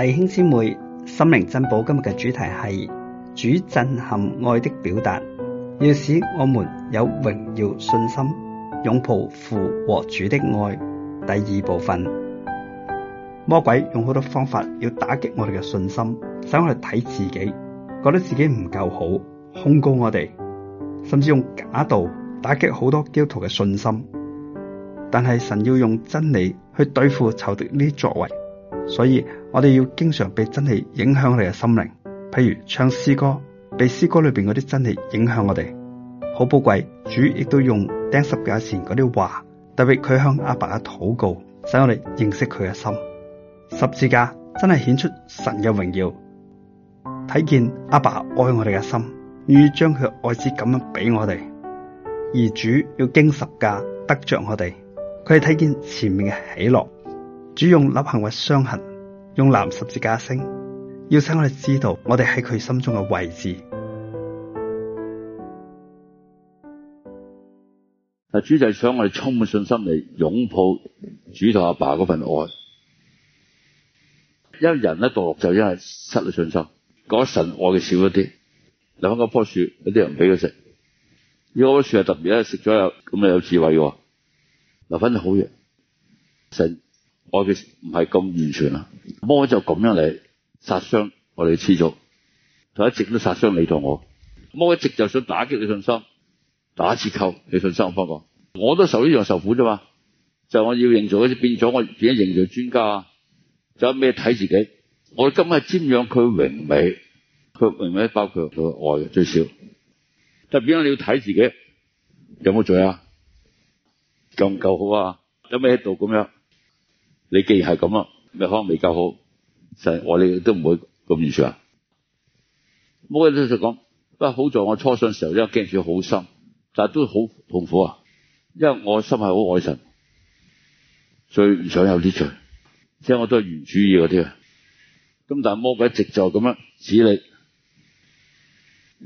弟兄姊妹，心靈珍寶，今日嘅主題係主震撼愛的表達，要使我們有榮耀信心，擁抱父和主的愛。第二部分，魔鬼用好多方法要打擊我哋嘅信心，使我哋睇自己覺得自己唔夠好，控告我哋，甚至用假道打擊好多基督徒嘅信心。但係神要用真理去對付仇敵呢啲作為。所以我哋要經常被真理影響我哋嘅心靈，譬如唱詩歌，被詩歌裏邊嗰啲真理影響我哋，好寶貴。主亦都用釘十架前嗰啲話，特別佢向阿爸嘅禱告，使我哋認識佢嘅心。十字架真係顯出神嘅榮耀，睇見阿爸愛我哋嘅心，願意將佢嘅愛子咁樣俾我哋。而主要經十架得着我哋，佢睇見前面嘅喜樂。主用凹陷傷痕，用南十字架星，要使我哋知道我哋喺佢心中嘅位置。阿主就係想我哋充滿信心嚟擁抱主同阿爸嗰份愛，因為人一墮落就因係失去信心，講、那個、神愛嘅少一啲。留翻嗰棵樹，有啲人唔俾佢食。呢、這個、棵樹係特別咧食咗又咁又有智慧，留翻就好藥，神。我嘅唔係咁完全啦，魔就咁樣嚟殺傷我哋嘅次序，就一直都殺傷你同我，魔一直就想打擊你信心，打折扣你信心。我發覺我都受呢樣受苦啫嘛，就是、我要營造好似變咗我自己營造專家，仲有咩睇自己？我今日瞻仰佢榮美，佢榮美包括佢愛最少，就特別你要睇自己有冇罪啊？夠唔夠好啊？有咩喺度咁樣？你既然係咁啊，咩可能未夠好？就係、我哋都唔會咁愚蠢啊！魔鬼就常講，不過好在我初信嘅時候，因為驚住好深，但係都好痛苦啊！因為我心係好愛神，所以唔想有啲罪。即係我都係原主義嗰啲啊！咁但係魔鬼一直就咁樣指你，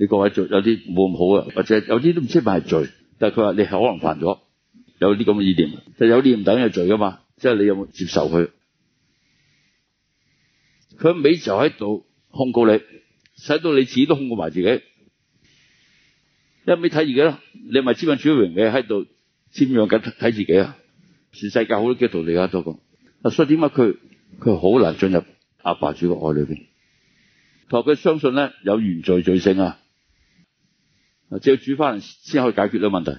你各位做有啲冇咁好啊，或者有啲都唔知係咪罪，但係佢話你係可能犯咗有啲咁嘅意念，呀、就是，就有啲唔等嘅罪噶嘛。即係你有冇接受佢？佢一味就喺度控告你，使到你自己都控告埋自己。一味睇自己咯，你咪知唔知主榮嘅喺度瞻仰緊睇自己啊？全世界好多基督徒你喺度講，所以點解佢佢好難進入阿爸主嘅愛裏邊？同佢相信咧有原罪罪性啊，只有主翻嚟先可以解決咧問題。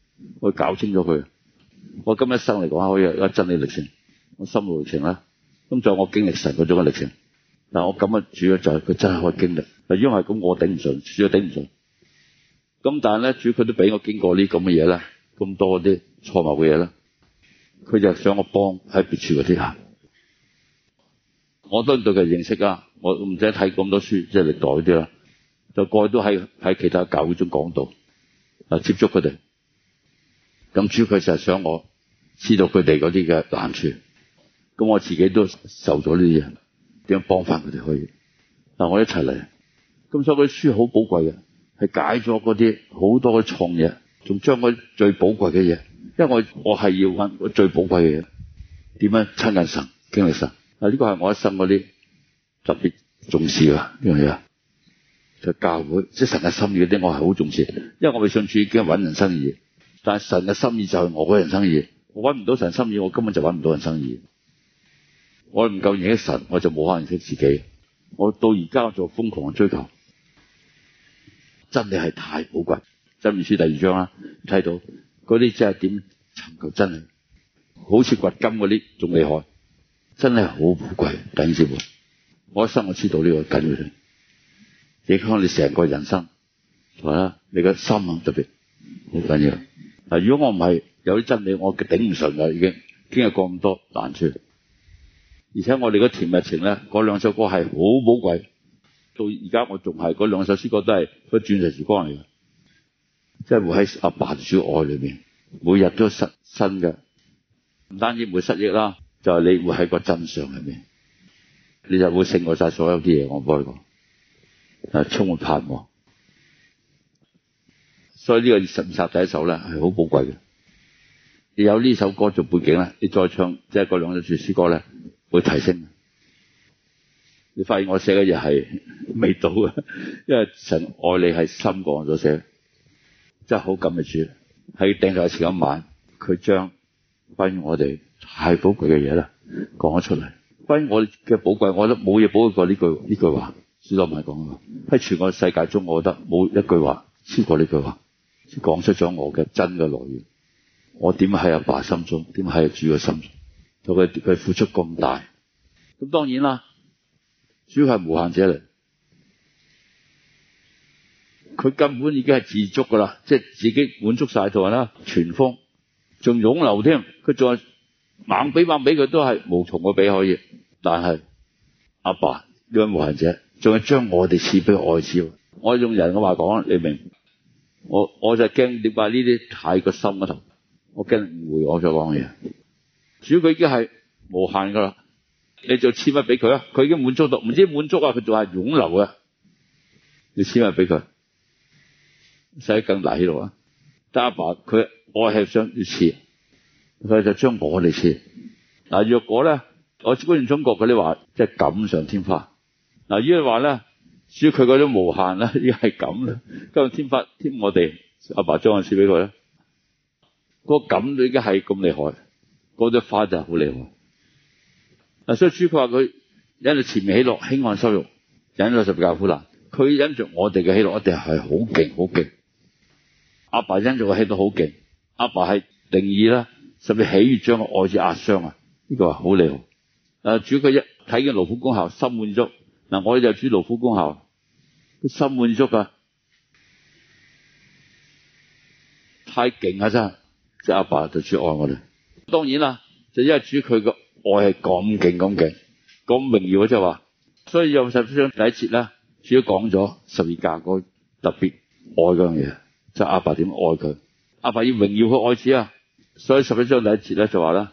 我搞清咗佢，我今一生嚟講可以有一真理歷程，我心路歷程啦。咁就我經歷神嗰種嘅歷程，嗱我咁樣主要就係佢真係可以經歷。因為咁，我頂唔順，主要頂唔順。咁但係咧，主佢都俾我經過呢咁嘅嘢咧，咁多啲錯誤嘅嘢啦。佢就想我幫喺別處嗰啲人。我都對佢認識啊，我唔使睇咁多書，即係歷代啲啦，就過去都喺喺其他教會中講到，啊接觸佢哋。咁主佢就係想我知道佢哋嗰啲嘅難處，咁我自己都受咗呢啲嘢，點樣幫翻佢哋可以，嗱，我一齊嚟。咁所以佢書好寶貴嘅，係解咗嗰啲好多嘅創嘢，仲將嗰最寶貴嘅嘢，因為我我係要搵我最寶貴嘅嘢，點樣親近神、經歷神？啊，呢個係我一生嗰啲特別重視呀，呢樣嘢。就是、教會，即係神嘅心意嗰啲，我係好重視，因為我未信主已經搵人生意。但係神嘅心意就係我嗰人生意，我搵唔到神心意，我根本就搵唔到人生意。我唔夠認識神，我就冇可能認識自己。我到而家做瘋狂嘅追求，真係係太寶貴。箴言書第二章啦，睇到嗰啲真係點尋求真理，好似掘金嗰啲仲厲害，真係好寶貴緊要。我一生我知道呢個緊要，影響你成個人生。係啊，你個心特別好緊要。如果我唔係有啲真理，我頂唔順啦。已經經歷咁多難處，而且我哋個甜蜜情咧，嗰兩首歌係好寶貴。到而家我仲係嗰兩首詩歌都係個鑽石時光嚟嘅，即係會喺阿爸主愛裏面，每日都失新嘅。唔單止會失憶啦，就係你會喺個真相裏面，你就會勝過曬所有啲嘢。我唔幫你講，嗱充滿盼望。所以呢個《神十》第一首咧係好寶貴嘅。你有呢首歌做背景咧，你再唱即係嗰兩首《主詩歌》咧，會提升。你發現我寫嘅嘢係未到嘅，因為神愛你係深過我寫嘅，真係好感嘅主喺釘十架前一晚，佢將關於我哋太寶貴嘅嘢啦講咗出嚟。關於我哋嘅寶貴，我覺得冇嘢寶貴過呢句呢句話。斯多米講啊，喺全個世界中，我覺得冇一句話超過呢句話。講出咗我嘅真嘅來源，我點喺阿爸心中，點喺阿主嘅心中？佢佢付出咁大，咁當然啦，主要係無限者嚟，佢根本已經係自足噶啦，即係自己滿足晒，同人啦，全豐，仲湧流添，佢仲係猛俾猛俾佢都係無從嘅俾可以，但係阿爸呢位無限者，仲係將我哋賜俾愛子，我用人嘅話講，你明白？我我就驚，點解呢啲太過深一頭我驚誤會我所講嘅嘢。主要佢已經係無限噶啦，你就貼乜俾佢啊，佢已經滿足到，唔知滿足啊，佢仲係湧流啊。你貼乜俾佢，使得更大啲咯。但係阿爸佢愛係想要貼，所以就將我哋貼。嗱，若果咧，我支援中國嗰啲話，即係錦上添花。嗱，呢句話咧。主佢嗰種無限啦，已經係咁啦。今日添法，添我哋阿爸將我賜俾佢咧，那個咁都已經係咁厲害，嗰啲花就係好厲害。所以主佢話佢因着前面喜樂輕看羞辱，因着十架苦難，佢因着我哋嘅喜樂一定係好勁好勁。阿爸因着我喜都好勁，阿爸係定意啦，甚至喜悦將佢愛子壓傷啊，呢、這個好厲害。主佢一睇見勞苦功效心滿足，嗱，我哋就主勞苦功效。心滿足我就主心滿足啊！太勁啊！真即係阿爸就最愛我哋。當然啦，就因為主佢個愛係咁勁咁勁，咁榮耀，即係話，所以有十七章第一節咧，主講咗十字架嗰特別愛嗰樣嘢，即阿爸點愛佢，阿爸，爸要榮耀佢愛子啊！所以十七章第一節咧就話咧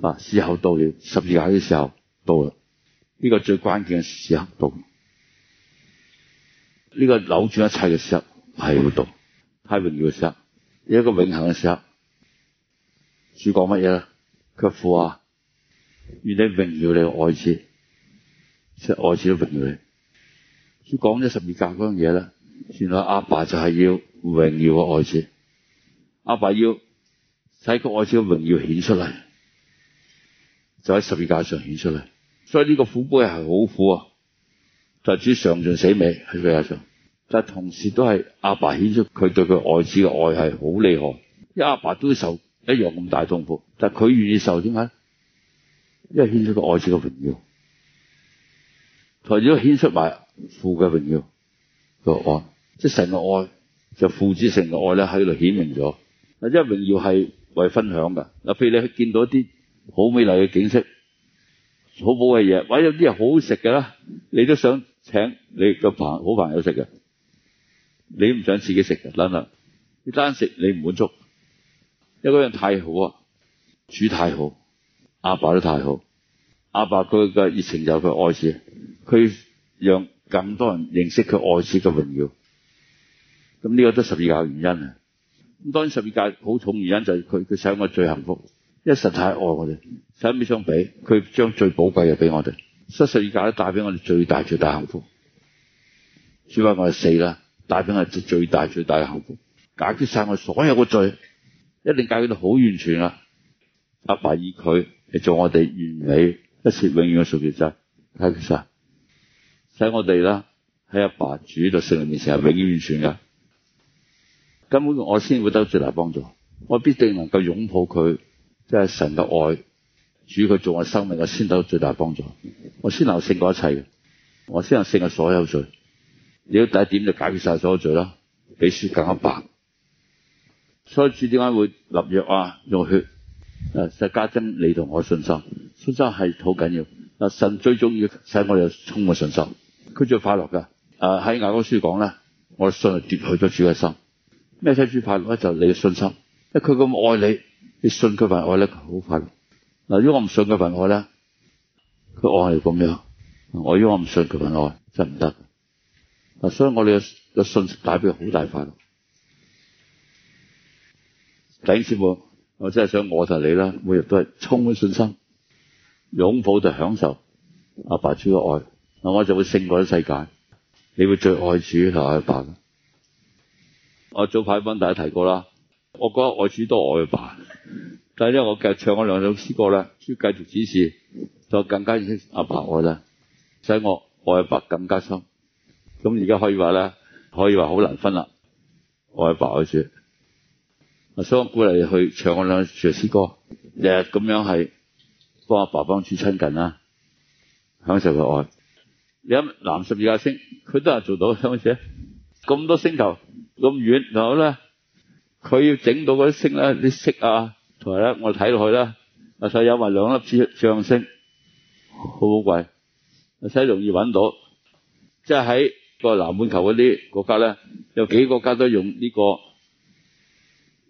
嗱，時候到了，十字架嘅時候到啦，呢、這個最關鍵嘅時刻到。呢、這個扭轉一切嘅時候係嗰度，太榮耀嘅時候，一個永恆嘅時刻，主講乜嘢咧？佢苦話願你榮耀你嘅愛子，即係愛子都榮耀你。主講咗十字架嗰樣嘢咧，原來阿爸就係要榮耀的愛要個愛子，阿爸要使個愛子嘅榮耀顯出嚟，就喺十字架上顯出嚟。所以呢個苦杯係好苦啊！就主上盡死美喺佢身上，但係同時都係阿爸顯出佢對佢愛子嘅愛係好厲害，因為阿爸都受一樣咁大痛苦，但係佢願意受點解？因為顯出，愛顯出、就是、個愛子嘅榮耀，除都顯出埋父嘅榮耀嘅愛，即係成嘅愛就是、父子成個愛咧喺度顯明咗。嗱，因為榮耀係為分享噶，嗱，譬如你去見到啲好美麗嘅景色，好好嘅嘢，或者有啲嘢好好食㗎啦，你都想。請你個朋好朋友食嘅，你唔想自己食嘅，等等，你單食你唔滿足，因為嗰樣太好啊，主太好，阿爸都太好，阿爸佢嘅熱情就係佢愛子，佢讓咁多人認識佢愛子嘅榮耀，咁呢個都十二個原因啊，咁當然十二個好重原因就係佢佢想我最幸福，因為神太愛我哋，使乜相比，佢將最寶貴嘅俾我哋。十字架都帶俾我哋最大最大幸福。主話我係死啦，帶俾我哋最大最大嘅幸福，解決晒我所有嘅罪，一定解決到好完全啦。阿爸以佢嚟做我哋完美一切永遠嘅贖罪祭，係咪先？使我哋啦喺阿爸主到聖靈面前係永遠完全噶根本我先會得到最大幫助，我必定能夠擁抱佢，即係神嘅愛。主佢做我生命嘅先得最大幫助，我先能勝過一切嘅，我先能勝過所有罪。你要第一點就解決晒所有罪啦，比雪更加白。所以主點解會立約啊？用血就加增你同我信心，信心係好緊要。神最重要使我哋充滿信心，佢最快樂噶。啊，喺雅歌書講咧，我信係奪去咗主嘅心。咩使主快樂咧？就係你嘅信心，因為佢咁愛你，你信佢份愛咧，佢好快樂。嗱，如果我唔信佢份愛咧，佢愛係咁樣。我如果我唔信佢份愛，真唔得。所以我哋嘅信心帶俾我好大快樂。頂住！我真係想我同你啦，每日都係充滿信心，擁抱就享受阿爸主嘅愛。我就會勝過啲世界。你會最愛主同阿爸嘅。我早排幫大家提過啦，我覺得愛主都愛爸，爸。但係咧，我繼續唱我兩首詩歌啦，繼續指示，就更加認識阿爸我啦，使我愛阿爸，爸更加深。咁而家可以話咧，可以話好難分啦，我愛阿爸嘅書。所以我鼓勵去唱我兩首詩歌，日日咁樣係幫阿爸幫主親近啦，享受佢愛。你諗南十字架星，佢都係做到相似。咁多星球咁遠，然後咧，佢要整到嗰啲星咧，啲色啊～同埋咧，我睇落去咧，阿細有埋兩粒星上升，好好貴，阿細容易搵到，即係喺個南半球嗰啲國家咧，有幾個國家都用呢個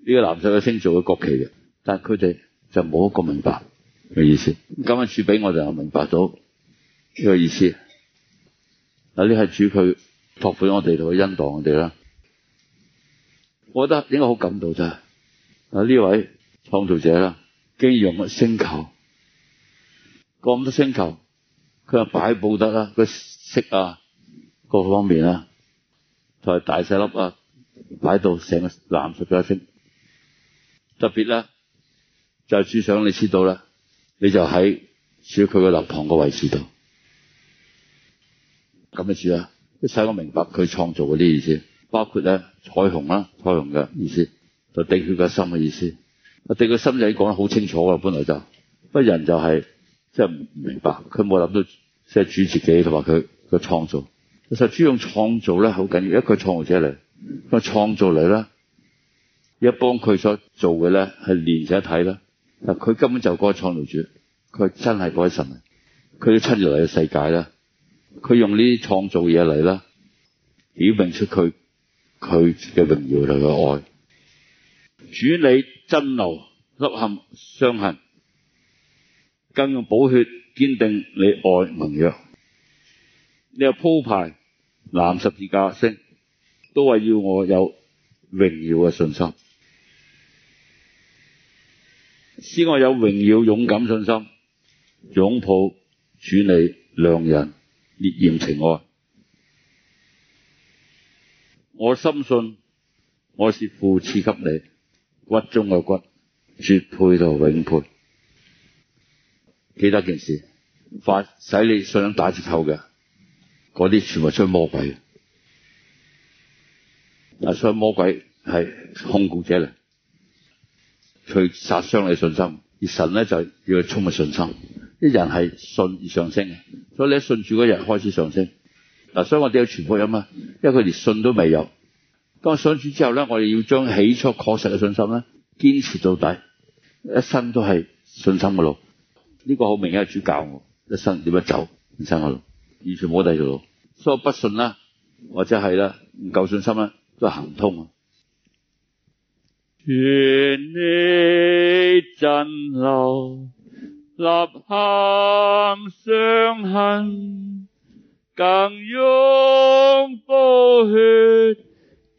呢個藍色嘅星做嘅國旗嘅，但係佢哋就冇一個明白嘅意思。咁樣主俾我就明白咗呢個意思，嗱呢係主佢托付我哋同佢恩導我哋啦。我覺得應該好感動真，嗱呢位。創造者啦，竟用乜星球咁多星球，佢係擺布得啦，個色啊，各方面啊，就係大細粒啊，擺到成個藍色嘅星。特別咧，就係、是、主想你知道啦，你就喺主佢嘅立旁個位置度咁嘅住啦、啊。佢使我明白佢創造嗰啲意思，包括咧彩虹啦，彩虹嘅、啊、意思，就滴血嘅心嘅意思。我哋個心仔講得好清楚啊，本來就，不過人就係、是、真係唔明白，佢冇諗到即係主自己同埋佢個創造。其實主用創造咧好緊要，一個創造者嚟，個創造嚟啦，一幫幫佢所做嘅咧係連一體啦。嗱，佢根本就嗰個創造主，佢真係嗰位神，佢創造嚟嘅世界啦，佢用呢啲創造嘢嚟啦，表明出佢佢嘅榮耀同佢嘅愛，主你。珍留凹陷傷痕，更用寶血堅定你愛盟約。你又鋪排南十字架星，都係要我有榮耀嘅信心。使我有榮耀勇敢信心，擁抱主你良人烈焰情愛。我深信我是父賜給你。骨中嘅骨，絕配同永配。記得件事，發使你信心打折扣嘅，嗰啲全部都係魔鬼。嗱，所以魔鬼係控股者嚟，佢殺傷你信心。而神咧就係要充滿信心，啲人係信而上升嘅，所以你信住嗰人開始上升。嗱，所以我哋有傳福音啊，因為佢哋連信都未有。當我信主之後咧，我哋要將起初確實嘅信心咧，堅持到底，一生都係信心嘅路。呢、這個好明顯係主教我，一生點樣走，人生嘅路，完全冇第二條路。所以我不信啦，或者係啦，唔夠信心啦，都係行唔通。主祢珍留，凹陷傷痕，更用寶血。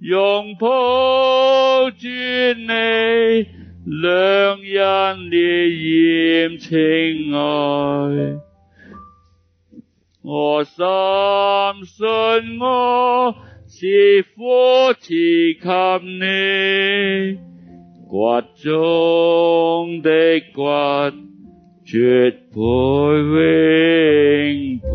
擁抱主祢，良人烈焰情愛，我深信我是父賜給祢，骨中的骨，絕配永配。